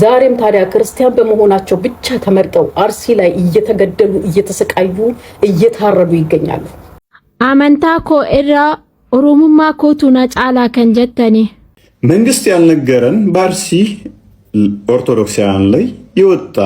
ዛሬም ታዲያ ክርስቲያን በመሆናቸው ብቻ ተመርጠው አርሲ ላይ እየተገደሉ እየተሰቃዩ እየታረዱ ይገኛሉ። አመንታ ኮ እራ ኦሮሙማ ኮቱና ጫላ ከንጀተኒ መንግስት ያልነገረን በአርሲ ኦርቶዶክሳውያን ላይ የወጣ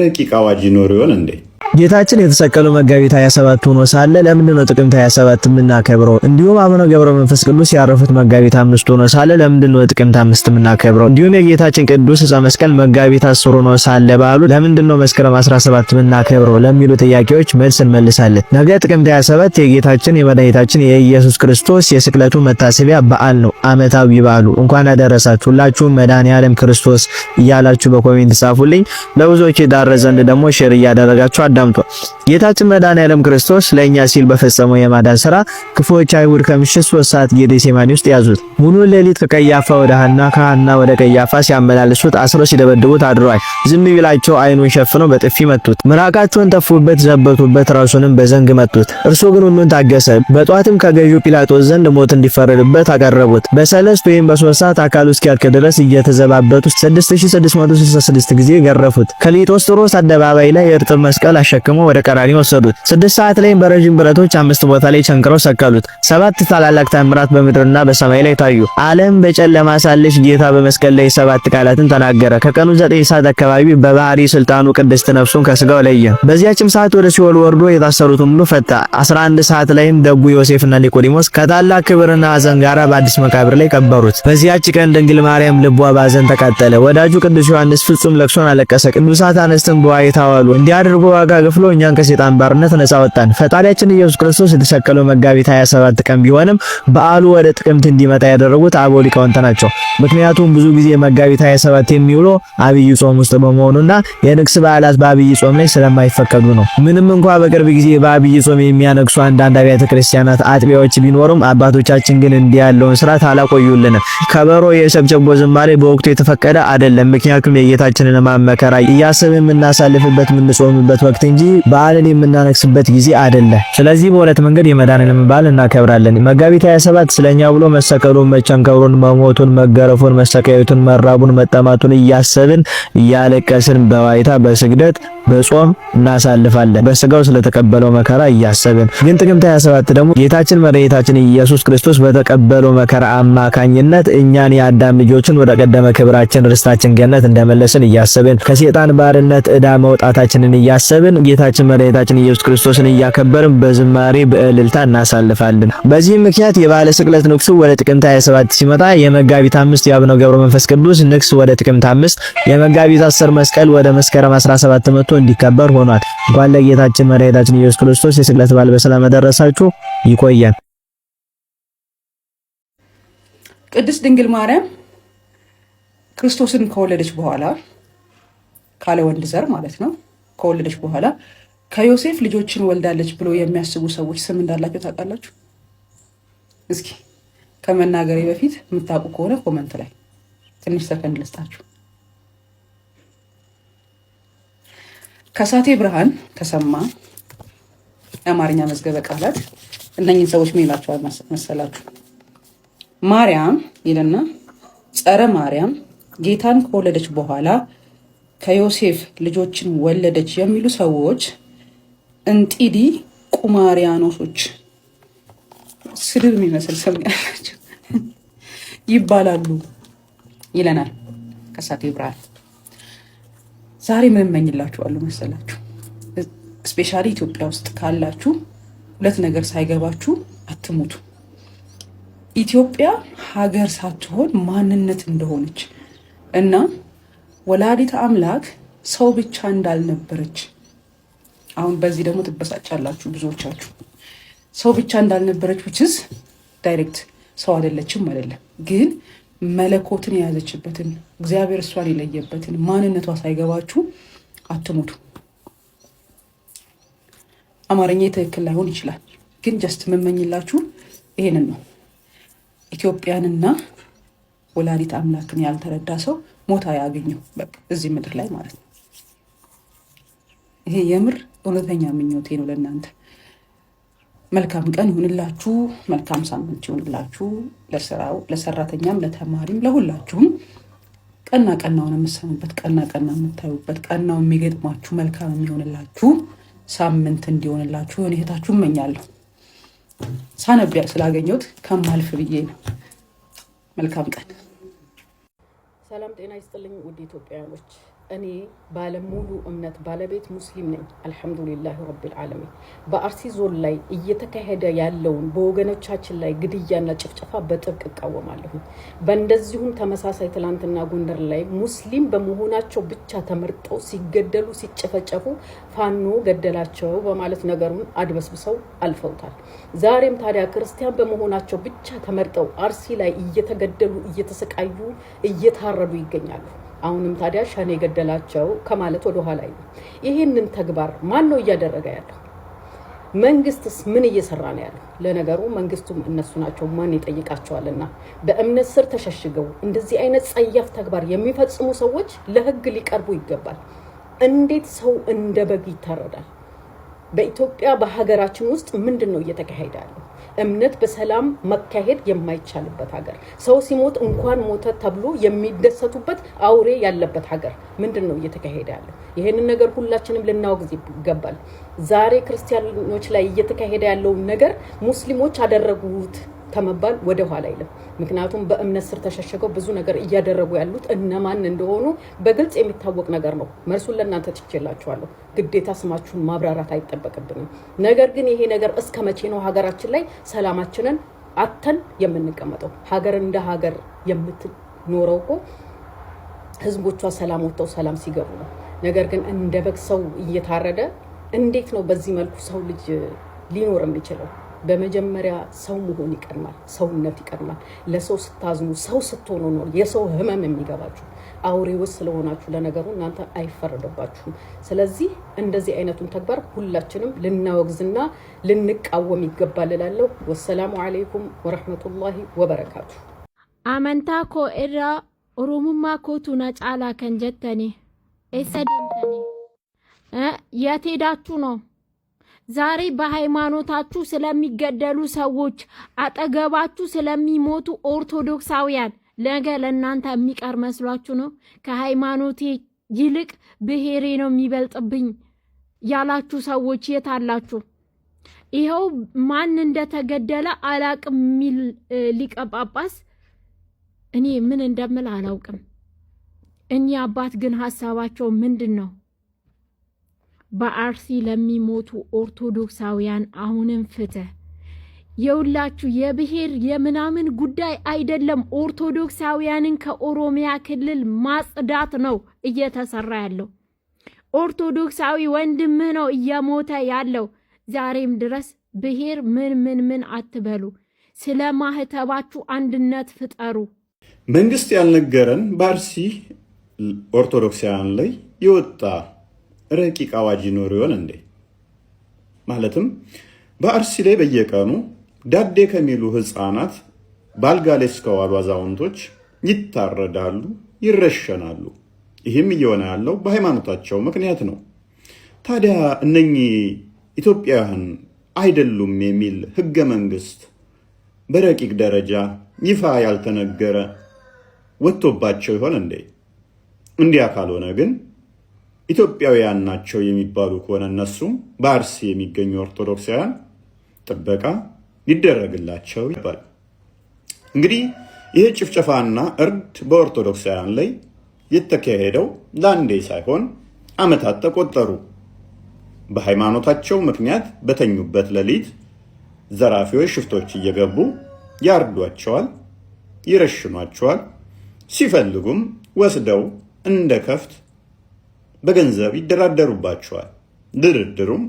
ረቂቅ አዋጅ ይኖር ይሆን እንዴ? ጌታችን የተሰቀለው መጋቢት 27 ሆኖ ሳለ ለምንድን ነው ጥቅምት 27 የምናከብረው? እንዲሁም አቡነ ገብረ መንፈስ ቅዱስ ያረፉት መጋቢት 5 ሆኖ ሳለ ለምንድን ነው ጥቅምት 5 የምናከብረው? እንዲሁም የጌታችን ቅዱስ ዕፀ መስቀል መጋቢት 10 ሆኖ ሳለ በዓሉ ለምንድን ነው መስከረም 17 የምናከብረው ለሚሉ ጥያቄዎች መልስ እንመልሳለን። ነገ ጥቅምት 27 የጌታችን የመድኃኒታችን የኢየሱስ ክርስቶስ የስቅለቱ መታሰቢያ በዓል ነው። ዓመታዊ በዓሉ እንኳን አደረሳችሁ። ሁላችሁም መድኃኔዓለም ክርስቶስ እያላችሁ በኮሜንት ጻፉልኝ። ለብዙዎች ይዳረስ ዘንድ ደግሞ ሼር እያደረጋችሁ ተደምጧል። ጌታችን መድኃኔዓለም ክርስቶስ ለእኛ ሲል በፈጸመው የማዳን ሥራ ክፉዎች አይሁድ ከምሽት ሶስት ሰዓት ጌቴሴማኒ ውስጥ ያዙት። ሙሉ ሌሊት ከቀያፋ ወደ ሐና ከሐና ወደ ቀያፋ ሲያመላልሱት አስሮ ሲደበድቡት አድረዋል። ዝም ቢላቸው አይኑን ሸፍነው በጥፊ መቱት። ምራቃቸውን ተፉበት፣ ዘበቱበት፣ ራሱንም በዘንግ መቱት። እርሱ ግን ሁሉን ታገሰ። በጧትም ከገዢው ጲላጦስ ዘንድ ሞት እንዲፈረድበት አቀረቡት። በሰለስት ወይም በሶስት ሰዓት አካሉ እስኪያልቅ ድረስ እየተዘባበቱ 6666 ጊዜ ገረፉት። ከሊጦስ ጥሮስ አደባባይ ላይ የእርጥብ መስቀል አሸክሞ ወደ ቀራኒ ወሰዱት። ስድስት ሰዓት ላይ በረዥም ብረቶች አምስት ቦታ ላይ ቸንክረው ሰቀሉት። ሰባት ታላላቅ ተአምራት በምድርና በሰማይ ላይ ታዩ። ዓለም በጨለማ ሳለች ጌታ በመስቀል ላይ ሰባት ቃላትን ተናገረ። ከቀኑ ዘጠኝ ሰዓት አካባቢ በባህሪ ስልጣኑ ቅድስት ነፍሱን ከስጋው ለየ። በዚያችም ሰዓት ወደ ሲኦል ወርዶ የታሰሩትን ሁሉ ፈታ። 11 ሰዓት ላይም ደጉ ዮሴፍና ኒቆዲሞስ ከታላቅ ክብርና ሐዘን ጋራ በአዲስ መቃብር ላይ ቀበሩት። በዚያች ቀን ድንግል ማርያም ልቧ ባዘን ተቃጠለ። ወዳጁ ቅዱስ ዮሐንስ ፍጹም ለቅሶን አለቀሰ። ቅዱሳት አነስትን በዋይታ ዋሉ። እንዲህ አድርጎ ዋጋ ከፍሎ እኛን ከሰይጣን ባርነት ነፃ ወጣን። ፈጣሪያችን ኢየሱስ ክርስቶስ የተሰቀለው መጋቢት 27 ቀን ቢሆንም በዓሉ ወደ ጥቅምት እንዲመጣ ያደረጉት አበው ሊቃውንት ናቸው። ምክንያቱም ብዙ ጊዜ መጋቢት 27 የሚውሎ አብይ ጾም ውስጥ በመሆኑና የንግስ በዓላት በአብይ ጾም ላይ ስለማይፈቀዱ ነው። ምንም እንኳ በቅርብ ጊዜ በአብይ ጾም የሚያነግሱ አንዳንድ አብያተ ክርስቲያናት አጥቢያዎች ቢኖሩም አባቶቻችን ግን እንዲህ ያለውን ስርዓት አላቆዩልንም። ከበሮ፣ የሸብቸቦ ዝማሬ በወቅቱ የተፈቀደ አይደለም። ምክንያቱም የጌታችንን መከራ እያሰብን የምናሳልፍበት የምንጾምበት ወቅት እንጂ በዓልን የምናነግስበት ጊዜ አይደለ ስለዚህ በሁለት መንገድ የመዳንን በዓል እናከብራለን። መጋቢት 27 ስለኛ ብሎ መሰቀሉን፣ መቸንከሩን፣ መሞቱን፣ መገረፉን፣ መሰቃየቱን፣ መራቡን፣ መጠማቱን እያሰብን እያለቀስን በዋይታ በስግደት በጾም እናሳልፋለን። በስጋው ስለተቀበለው መከራ እያሰብን ግን ጥቅምት 27 ደግሞ ጌታችን መድኃኒታችን ኢየሱስ ክርስቶስ በተቀበለው መከራ አማካኝነት እኛን የአዳም ልጆችን ወደ ቀደመ ክብራችን ርስታችን ገነት እንደመለስን እያሰብን ከሴጣን ባርነት ዕዳ መውጣታችንን እያሰብን እያሰብን ጌታችን መድኃኒታችን ኢየሱስ ክርስቶስን እያከበርን በዝማሬ በእልልታ እናሳልፋለን። በዚህ ምክንያት የባለ ስቅለት ንግሱ ወደ ጥቅምት 27 ሲመጣ የመጋቢት አምስት የአቡነ ገብረ መንፈስ ቅዱስ ንግስ ወደ ጥቅምት አምስት የመጋቢት 10 መስቀል ወደ መስከረም 17 መጥቶ እንዲከበር ሆኗል። እንኳን ለጌታችን መድኃኒታችን ኢየሱስ ክርስቶስ የስቅለት በዓል በሰላም አደረሳችሁ። ይቆያል። ቅድስት ድንግል ማርያም ክርስቶስን ከወለደች በኋላ ካለ ወንድ ዘር ማለት ነው ከወለደች በኋላ ከዮሴፍ ልጆችን ወልዳለች ብሎ የሚያስቡ ሰዎች ስም እንዳላቸው ታውቃላችሁ? እስኪ ከመናገሬ በፊት የምታውቁ ከሆነ ኮመንት ላይ ትንሽ ሰከንድ ልስጣችሁ። ከሳቴ ብርሃን ተሰማ የአማርኛ መዝገበ ቃላት እነኝን ሰዎች ምን ይላቸዋል መሰላችሁ? ማርያም ይልና ጸረ ማርያም ጌታን ከወለደች በኋላ ከዮሴፍ ልጆችን ወለደች የሚሉ ሰዎች እንጢዲ ቁማሪያኖሶች ስድብ የሚመስል ስም ያላቸው ይባላሉ ይለናል ከሳቴ ብርሃን። ዛሬ ምን እመኝላችኋለሁ መሰላችሁ? ስፔሻሊ ኢትዮጵያ ውስጥ ካላችሁ ሁለት ነገር ሳይገባችሁ አትሙቱ። ኢትዮጵያ ሀገር ሳትሆን ማንነት እንደሆነች እና ወላዲት አምላክ ሰው ብቻ እንዳልነበረች አሁን በዚህ ደግሞ ትበሳጫላችሁ ብዙዎቻችሁ። ሰው ብቻ እንዳልነበረች ውችዝ ዳይሬክት ሰው አይደለችም አይደለም፣ ግን መለኮትን የያዘችበትን እግዚአብሔር እሷን የለየበትን ማንነቷ ሳይገባችሁ አትሙቱ። አማርኛ ትክክል ላይሆን ይችላል፣ ግን ጀስት የምመኝላችሁ ይሄንን ነው። ኢትዮጵያንና ወላዲት አምላክን ያልተረዳ ሰው ሞታ ያገኘው እዚህ ምድር ላይ ማለት ነው። ይሄ የምር እውነተኛ ምኞቴ ነው ለእናንተ። መልካም ቀን ይሁንላችሁ። መልካም ሳምንት ይሁንላችሁ። ለስራው ለሰራተኛም፣ ለተማሪም፣ ለሁላችሁም ቀና ቀናውን የምሰሙበት ቀና ቀና የምታዩበት ቀናው የሚገጥማችሁ መልካም የሚሆንላችሁ ሳምንት እንዲሆንላችሁ ሁኔታችሁ መኛለሁ እመኛለሁ። ሳነቢያ ስላገኘሁት ከማልፍ ብዬ ነው። መልካም ቀን ሰላም ጤና ይስጥልኝ ውድ ኢትዮጵያውያኖች እኔ ባለሙሉ እምነት ባለቤት ሙስሊም ነኝ። አልሐምዱሊላህ ረቢል ዓለሚን። በአርሲ ዞን ላይ እየተካሄደ ያለውን በወገኖቻችን ላይ ግድያና ጭፍጨፋ በጥብቅ እቃወማለሁ። በእንደዚሁም ተመሳሳይ ትላንትና ጎንደር ላይ ሙስሊም በመሆናቸው ብቻ ተመርጠው ሲገደሉ፣ ሲጨፈጨፉ ፋኖ ገደላቸው በማለት ነገሩን አድበስብሰው አልፈውታል። ዛሬም ታዲያ ክርስቲያን በመሆናቸው ብቻ ተመርጠው አርሲ ላይ እየተገደሉ፣ እየተሰቃዩ፣ እየታረዱ ይገኛሉ። አሁንም ታዲያ ሸኔ የገደላቸው ከማለት ወደ ኋላ ይ ይህንን ተግባር ማን ነው እያደረገ ያለው? መንግስትስ ምን እየሰራ ነው ያለው? ለነገሩ መንግስቱም እነሱ ናቸው፣ ማን ይጠይቃቸዋልና። በእምነት ስር ተሸሽገው እንደዚህ አይነት ጸያፍ ተግባር የሚፈጽሙ ሰዎች ለህግ ሊቀርቡ ይገባል። እንዴት ሰው እንደ በግ ይታረዳል? በኢትዮጵያ በሀገራችን ውስጥ ምንድን ነው እየተካሄደ ያለው? እምነት በሰላም መካሄድ የማይቻልበት ሀገር፣ ሰው ሲሞት እንኳን ሞተ ተብሎ የሚደሰቱበት አውሬ ያለበት ሀገር ምንድን ነው እየተካሄደ ያለው? ይህንን ነገር ሁላችንም ልናወግዝ ይገባል። ዛሬ ክርስቲያኖች ላይ እየተካሄደ ያለውን ነገር ሙስሊሞች አደረጉት ከመባል ወደ ኋላ አይልም። ምክንያቱም በእምነት ስር ተሸሸገው ብዙ ነገር እያደረጉ ያሉት እነማን እንደሆኑ በግልጽ የሚታወቅ ነገር ነው። መርሱን ለእናንተ ትችላቸዋለሁ ግዴታ ስማችሁን ማብራራት አይጠበቅብንም። ነገር ግን ይሄ ነገር እስከ መቼ ነው ሀገራችን ላይ ሰላማችንን አተን የምንቀመጠው? ሀገር እንደ ሀገር የምትኖረው እኮ ህዝቦቿ ሰላም ወጥተው ሰላም ሲገቡ ነው። ነገር ግን እንደ በግ ሰው እየታረደ እንዴት ነው በዚህ መልኩ ሰው ልጅ ሊኖር የሚችለው? በመጀመሪያ ሰው መሆን ይቀድማል። ሰውነት ይቀድማል። ለሰው ስታዝኑ፣ ሰው ስትሆኑ ነው የሰው ህመም የሚገባችሁ። አውሬዎች ስለሆናችሁ ለነገሩ እናንተ አይፈረደባችሁም። ስለዚህ እንደዚህ አይነቱን ተግባር ሁላችንም ልናወግዝና ልንቃወም ይገባል እላለሁ። ወሰላሙ አሌይኩም ወረህመቱላሂ ወበረካቱ። አመንታ ኮ ኤራ ኦሮሙማ ኮቱና ጫላ ከንጀተኔ ኤሰ የት ሄዳችሁ ነው? ዛሬ በሃይማኖታችሁ ስለሚገደሉ ሰዎች አጠገባችሁ ስለሚሞቱ ኦርቶዶክሳውያን ነገ ለእናንተ የሚቀር መስሏችሁ ነው? ከሃይማኖቴ ይልቅ ብሔሬ ነው የሚበልጥብኝ ያላችሁ ሰዎች የት አላችሁ? ይኸው ማን እንደተገደለ አላቅም የሚል ሊቀ ጳጳስ እኔ ምን እንደምል አላውቅም። እኚህ አባት ግን ሀሳባቸው ምንድን ነው? በአርሲ ለሚሞቱ ኦርቶዶክሳውያን አሁንም ፍትህ የሁላችሁ የብሔር የምናምን ጉዳይ አይደለም። ኦርቶዶክሳውያንን ከኦሮሚያ ክልል ማጽዳት ነው እየተሰራ ያለው። ኦርቶዶክሳዊ ወንድምህ ነው እየሞተ ያለው። ዛሬም ድረስ ብሔር ምን ምን ምን አትበሉ። ስለ ማህተባችሁ አንድነት ፍጠሩ። መንግስት ያልነገረን በአርሲ ኦርቶዶክሳውያን ላይ የወጣ ረቂቅ አዋጅ ይኖር ይሆን እንዴ? ማለትም በአርሲ ላይ በየቀኑ ዳዴ ከሚሉ ህፃናት ባልጋ ላይ እስከዋሉ አዛውንቶች ይታረዳሉ፣ ይረሸናሉ። ይህም እየሆነ ያለው በሃይማኖታቸው ምክንያት ነው። ታዲያ እነኚህ ኢትዮጵያውያን አይደሉም የሚል ህገ መንግስት በረቂቅ ደረጃ ይፋ ያልተነገረ ወጥቶባቸው ይሆን እንዴ? እንዲያ ካልሆነ ግን ኢትዮጵያውያን ናቸው የሚባሉ ከሆነ እነሱም በአርሲ የሚገኙ ኦርቶዶክሳውያን ጥበቃ ሊደረግላቸው ይባል። እንግዲህ ይህ ጭፍጨፋና እርድ በኦርቶዶክሳውያን ላይ የተካሄደው ለአንዴ ሳይሆን ዓመታት ተቆጠሩ። በሃይማኖታቸው ምክንያት በተኙበት ሌሊት ዘራፊዎች፣ ሽፍቶች እየገቡ ያርዷቸዋል፣ ይረሽኗቸዋል፣ ሲፈልጉም ወስደው እንደ ከፍት በገንዘብ ይደራደሩባቸዋል። ድርድሩም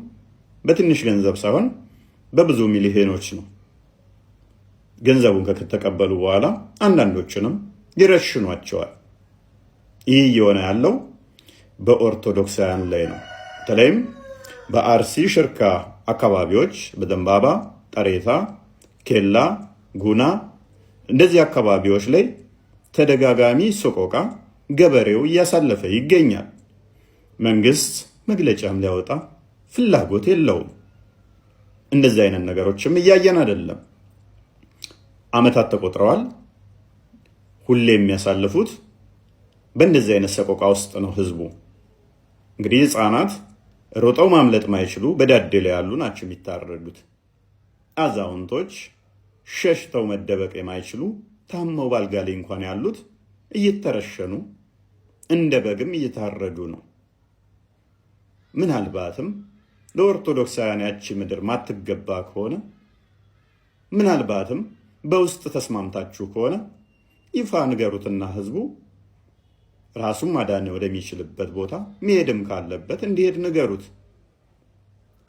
በትንሽ ገንዘብ ሳይሆን በብዙ ሚሊዮኖች ነው። ገንዘቡን ከተቀበሉ በኋላ አንዳንዶቹንም ይረሽኗቸዋል። ይህ እየሆነ ያለው በኦርቶዶክሳውያን ላይ ነው። በተለይም በአርሲ ሽርካ አካባቢዎች በዘንባባ ጠሬታ፣ ኬላ፣ ጉና እንደዚህ አካባቢዎች ላይ ተደጋጋሚ ሰቆቃ ገበሬው እያሳለፈ ይገኛል። መንግስት መግለጫም ሊያወጣ ፍላጎት የለውም። እንደዚህ አይነት ነገሮችም እያየን አይደለም። አመታት ተቆጥረዋል። ሁሌ የሚያሳልፉት በእንደዚህ አይነት ሰቆቃ ውስጥ ነው ህዝቡ። እንግዲህ ህፃናት ሮጠው ማምለጥ ማይችሉ በዳዴ ላይ ያሉ ናቸው የሚታረዱት። አዛውንቶች ሸሽተው መደበቅ የማይችሉ ታመው ባልጋ ላይ እንኳን ያሉት እየተረሸኑ እንደ በግም እየታረዱ ነው። ምናልባትም ለኦርቶዶክሳውያን ያቺ ምድር ማትገባ ከሆነ ምናልባትም በውስጥ ተስማምታችሁ ከሆነ ይፋ ንገሩትና ህዝቡ ራሱን ማዳን ወደሚችልበት ቦታ መሄድም ካለበት እንዲሄድ ንገሩት።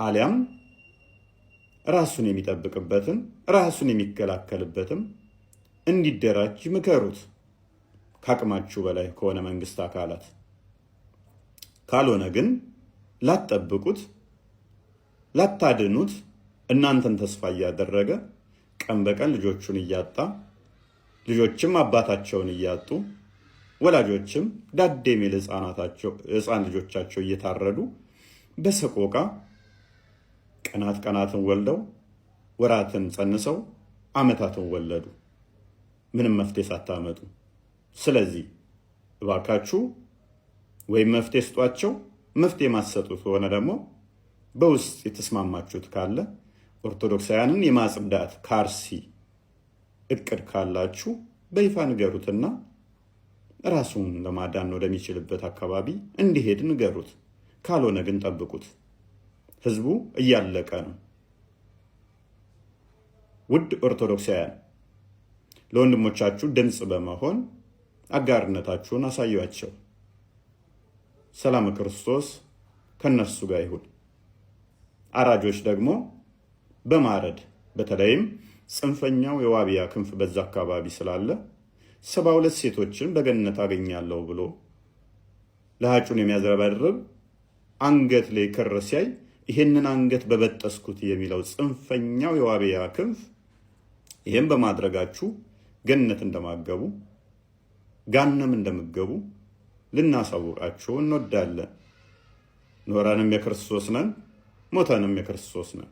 አሊያም ራሱን የሚጠብቅበትም ራሱን የሚከላከልበትም እንዲደራጅ ምከሩት። ከአቅማችሁ በላይ ከሆነ መንግስት አካላት ካልሆነ ግን ላትጠብቁት፣ ላታድኑት እናንተን ተስፋ እያደረገ ቀን በቀን ልጆቹን እያጣ ልጆችም አባታቸውን እያጡ ወላጆችም ዳዴ የሚል ህፃን ልጆቻቸው እየታረዱ በሰቆቃ ቀናት ቀናትን ወልደው ወራትን ጸንሰው ዓመታትን ወለዱ፣ ምንም መፍትሄ ሳታመጡ። ስለዚህ እባካችሁ ወይም መፍትሄ ስጧቸው መፍትሄ የማትሰጡ ከሆነ ደግሞ በውስጥ የተስማማችሁት ካለ ኦርቶዶክሳውያንን የማጽዳት ካርሲ እቅድ ካላችሁ በይፋ ንገሩትና ራሱን ለማዳን ወደሚችልበት አካባቢ እንዲሄድ ንገሩት። ካልሆነ ግን ጠብቁት። ህዝቡ እያለቀ ነው። ውድ ኦርቶዶክሳውያን ለወንድሞቻችሁ ድምፅ በመሆን አጋርነታችሁን አሳያቸው። ሰላም ክርስቶስ ከነርሱ ጋር ይሁን። አራጆች ደግሞ በማረድ በተለይም ጽንፈኛው የዋቢያ ክንፍ በዛ አካባቢ ስላለ ሰባ ሁለት ሴቶችን በገነት አገኛለሁ ብሎ ለሀጩን የሚያዝረበርብ አንገት ላይ ክር ሲያይ ይሄንን አንገት በበጠስኩት የሚለው ጽንፈኛው የዋቢያ ክንፍ ይህም በማድረጋችሁ ገነት እንደማገቡ ጋነም እንደምገቡ ልናሳውቃችሁ እንወዳለን። ኖረንም የክርስቶስ ነን፣ ሞተንም የክርስቶስ ነን።